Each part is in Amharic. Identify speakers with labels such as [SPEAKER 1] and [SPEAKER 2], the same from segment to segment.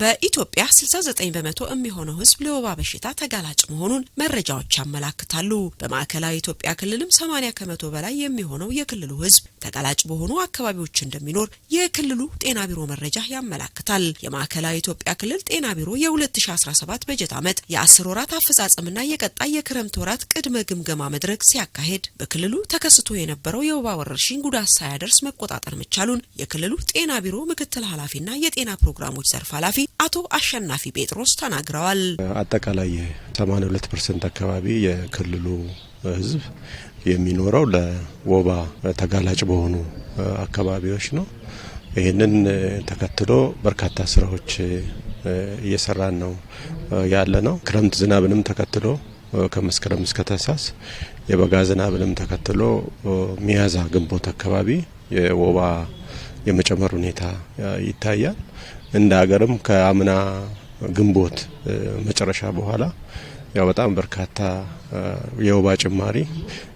[SPEAKER 1] በኢትዮጵያ 69 በመቶ የሚሆነው ህዝብ ለወባ በሽታ ተጋላጭ መሆኑን መረጃዎች ያመላክታሉ። በማዕከላዊ ኢትዮጵያ ክልልም 80 ከመቶ በላይ የሚሆነው የክልሉ ህዝብ ተጋላጭ በሆኑ አካባቢዎች እንደሚኖር የክልሉ ጤና ቢሮ መረጃ ያመላክታል። የማዕከላዊ ኢትዮጵያ ክልል ጤና ቢሮ የ2017 በጀት ዓመት የአስር 10 ወራት አፈጻጸምና የቀጣይ የክረምት ወራት ቅድመ ግምገማ መድረክ ሲያካሄድ በክልሉ ተከስቶ የነበረው የወባ ወረርሽኝ ጉዳት ሳያደርስ መቆጣጠር መቻሉን የክልሉ ጤና ቢሮ ምክትል ኃላፊና የጤና ፕሮግራሞች ዘርፍ ኃላፊ አቶ አሸናፊ ጴጥሮስ ተናግረዋል።
[SPEAKER 2] አጠቃላይ 82 ፐርሰንት አካባቢ የክልሉ ህዝብ የሚኖረው ለወባ ተጋላጭ በሆኑ አካባቢዎች ነው። ይህንን ተከትሎ በርካታ ስራዎች እየሰራን ነው ያለ ነው። ክረምት ዝናብንም ተከትሎ ከመስከረም እስከ ታህሳስ የበጋ ዝናብንም ተከትሎ ሚያዝያ፣ ግንቦት አካባቢ የወባ የመጨመር ሁኔታ ይታያል። እንደ ሀገርም ከአምና ግንቦት መጨረሻ በኋላ ያው በጣም በርካታ የወባ ጭማሪ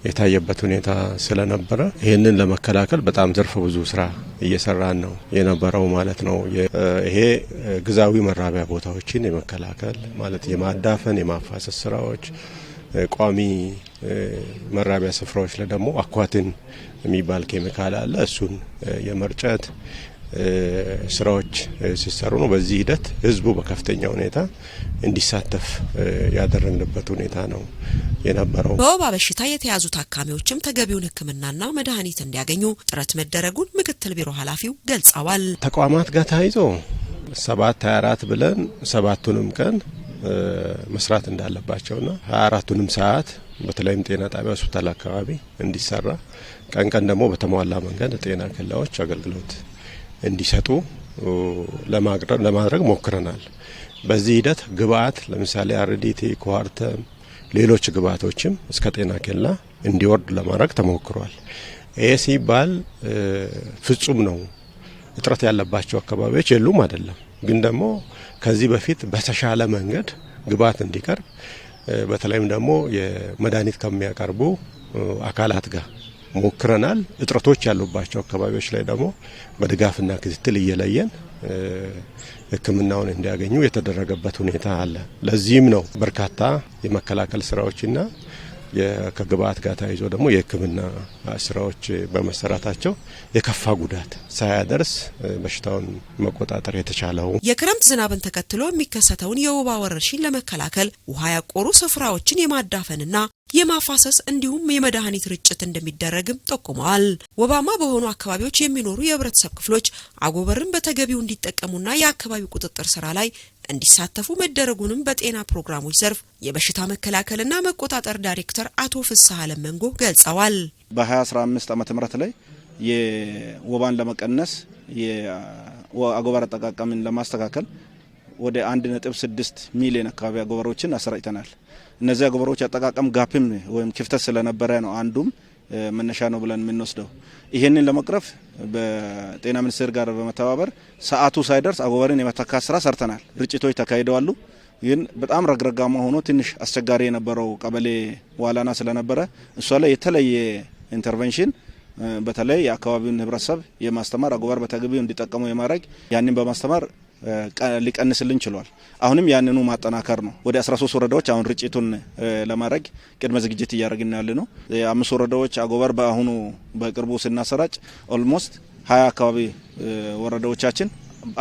[SPEAKER 2] የታየበት ሁኔታ ስለነበረ ይህንን ለመከላከል በጣም ዘርፈ ብዙ ስራ እየሰራን ነው የነበረው ማለት ነው። ይሄ ግዛዊ መራቢያ ቦታዎችን የመከላከል ማለት የማዳፈን የማፋሰስ ስራዎች ቋሚ መራቢያ ስፍራዎች ላይ ደግሞ አኳትን የሚባል ኬሚካል አለ። እሱን የመርጨት ስራዎች ሲሰሩ ነው። በዚህ ሂደት ህዝቡ በከፍተኛ ሁኔታ እንዲሳተፍ ያደረግንበት ሁኔታ ነው የነበረው።
[SPEAKER 1] በወባ በሽታ የተያዙ ታካሚዎችም ተገቢውን ሕክምናና መድኃኒት እንዲያገኙ ጥረት መደረጉን ምክትል ቢሮ ኃላፊው ገልጸዋል።
[SPEAKER 2] ተቋማት ጋር ተያይዞ ሰባት ሀያ አራት ብለን ሰባቱንም ቀን መስራት እንዳለባቸውና ሀያ አራቱንም ሰዓት በተለይም ጤና ጣቢያ ሆስፒታል አካባቢ እንዲሰራ ቀን ቀን ደግሞ በተሟላ መንገድ ጤና ኬላዎች አገልግሎት እንዲሰጡ ለማድረግ ሞክረናል። በዚህ ሂደት ግብአት ለምሳሌ አርዲቲ፣ ኩዋርተም፣ ሌሎች ግብአቶችም እስከ ጤና ኬላ እንዲወርድ ለማድረግ ተሞክሯል። ይህ ሲባል ፍጹም ነው እጥረት ያለባቸው አካባቢዎች የሉም አይደለም። ግን ደግሞ ከዚህ በፊት በተሻለ መንገድ ግብአት እንዲቀርብ በተለይም ደግሞ የመድኃኒት ከሚያቀርቡ አካላት ጋር ሞክረናል። እጥረቶች ያሉባቸው አካባቢዎች ላይ ደግሞ በድጋፍና ክትትል እየለየን ሕክምናውን እንዲያገኙ የተደረገበት ሁኔታ አለ። ለዚህም ነው በርካታ የመከላከል ስራዎችና ከግብአት ጋር ተያይዞ ደግሞ የሕክምና ስራዎች በመሰራታቸው የከፋ ጉዳት ሳያደርስ በሽታውን መቆጣጠር የተቻለው።
[SPEAKER 1] የክረምት ዝናብን ተከትሎ የሚከሰተውን የወባ ወረርሽኝ ለመከላከል ውሃ ያቆሩ ስፍራዎችን የማዳፈንና የማፋሰስ እንዲሁም የመድኃኒት ርጭት እንደሚደረግም ጠቁመዋል። ወባማ በሆኑ አካባቢዎች የሚኖሩ የህብረተሰብ ክፍሎች አጎበርን በተገቢው እንዲጠቀሙና የአካባቢው ቁጥጥር ስራ ላይ እንዲሳተፉ መደረጉንም በጤና ፕሮግራሞች ዘርፍ የበሽታ መከላከልና መቆጣጠር ዳይሬክተር አቶ ፍስሐ ለመንጎ ገልጸዋል።
[SPEAKER 3] በ2015 ዓመተ ምህረት ላይ የወባን ለመቀነስ የአጎበር አጠቃቀምን ለማስተካከል ወደ 1.6 ሚሊዮን አካባቢ አጎበሮችን አሰራጭተናል። እነዚህ አጎበሮች አጠቃቀም ጋፕም ወይም ክፍተት ስለነበረ ነው አንዱም መነሻ ነው ብለን የምንወስደው። ይህንን ለመቅረፍ በጤና ሚኒስቴር ጋር በመተባበር ሰዓቱ ሳይደርስ አጎበሬን የመተካት ስራ ሰርተናል። ርጭቶች ተካሂደዋሉ። ግን በጣም ረግረጋማ ሆኖ ትንሽ አስቸጋሪ የነበረው ቀበሌ ዋላና ስለነበረ እሷ ላይ የተለየ ኢንተርቬንሽን በተለይ የአካባቢውን ህብረተሰብ የማስተማር አጎበር በተገቢው እንዲጠቀሙ የማድረግ ያንን በማስተማር ሊቀንስልን ችሏል። አሁንም ያንኑ ማጠናከር ነው። ወደ 13 ወረዳዎች አሁን ርጭቱን ለማድረግ ቅድመ ዝግጅት እያደረግን ያለ ነው። የአምስት ወረዳዎች አጎበር በአሁኑ በቅርቡ ስናሰራጭ ኦልሞስት ሀያ አካባቢ ወረዳዎቻችን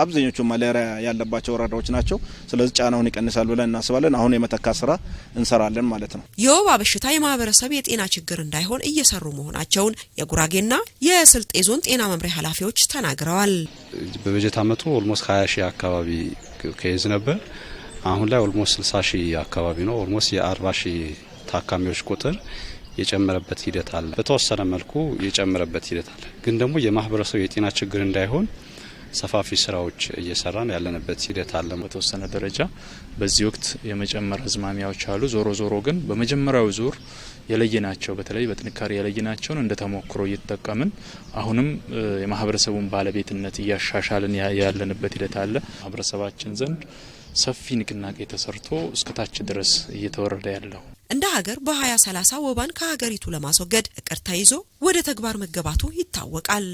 [SPEAKER 3] አብዛኞቹ ማላሪያ ያለባቸው ወረዳዎች ናቸው። ስለዚህ ጫናውን ይቀንሳል ብለን እናስባለን። አሁን የመተካ ስራ እንሰራለን ማለት ነው።
[SPEAKER 1] የወባ በሽታ የማህበረሰብ የጤና ችግር እንዳይሆን እየሰሩ መሆናቸውን የጉራጌና የስልጤ ዞን ጤና መምሪያ ኃላፊዎች ተናግረዋል።
[SPEAKER 4] በበጀት አመቱ ኦልሞስት ሀያ ሺህ አካባቢ ከይዝ ነበር። አሁን ላይ ኦልሞስት ስልሳ ሺህ አካባቢ ነው። ኦልሞስት የአርባ ሺህ ታካሚዎች ቁጥር የጨመረበት ሂደት አለ። በተወሰነ መልኩ የጨመረበት ሂደት አለ። ግን ደግሞ የማህበረሰቡ የጤና ችግር እንዳይሆን ሰፋፊ ስራዎች እየሰራን ያለንበት ሂደት አለ። በተወሰነ ደረጃ በዚህ ወቅት የመጨመር አዝማሚያዎች አሉ። ዞሮ ዞሮ ግን በመጀመሪያው ዙር የለየናቸው በተለይ በጥንካሬ የለየናቸውን እንደ ተሞክሮ እየተጠቀምን አሁንም የማህበረሰቡን ባለቤትነት እያሻሻልን ያለንበት ሂደት አለ። ማህበረሰባችን ዘንድ ሰፊ ንቅናቄ ተሰርቶ እስከታች ድረስ እየተወረደ ያለው
[SPEAKER 1] እንደ ሀገር በ2030 ወባን ከሀገሪቱ ለማስወገድ እቅድ ተይዞ ወደ ተግባር መገባቱ ይታወቃል።